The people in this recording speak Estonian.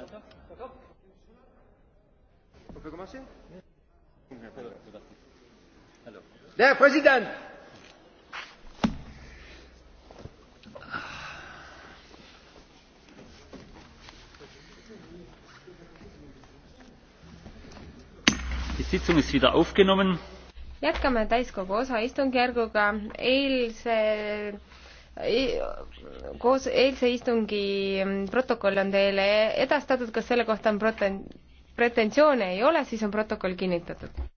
D'accord D'accord On peut commencer Alors. Der Präsident! Die Sitzung ist wieder aufgenommen. jätkame täiskogu osaistungjärguga eilse koos eilse istungi protokoll on teile edastatud, kas selle kohta on preten-, pretensioone ei ole, siis on protokoll kinnitatud.